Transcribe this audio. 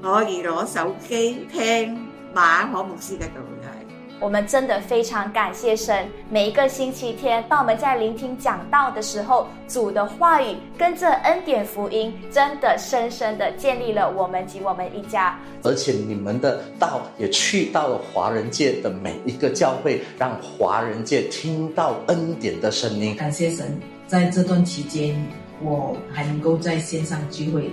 可以攞手機聽，聽馬可牧師嘅道嘅，我們真的非常感謝神。每一個星期天，當我們在聆聽講道的時候，主的話語跟著恩典福音，真的深深的建立了我們及我們一家。而且你們的道也去到了華人界的每一個教會，讓華人界聽到恩典的聲音。感謝神，在這段期間，我還能夠在線上聚會。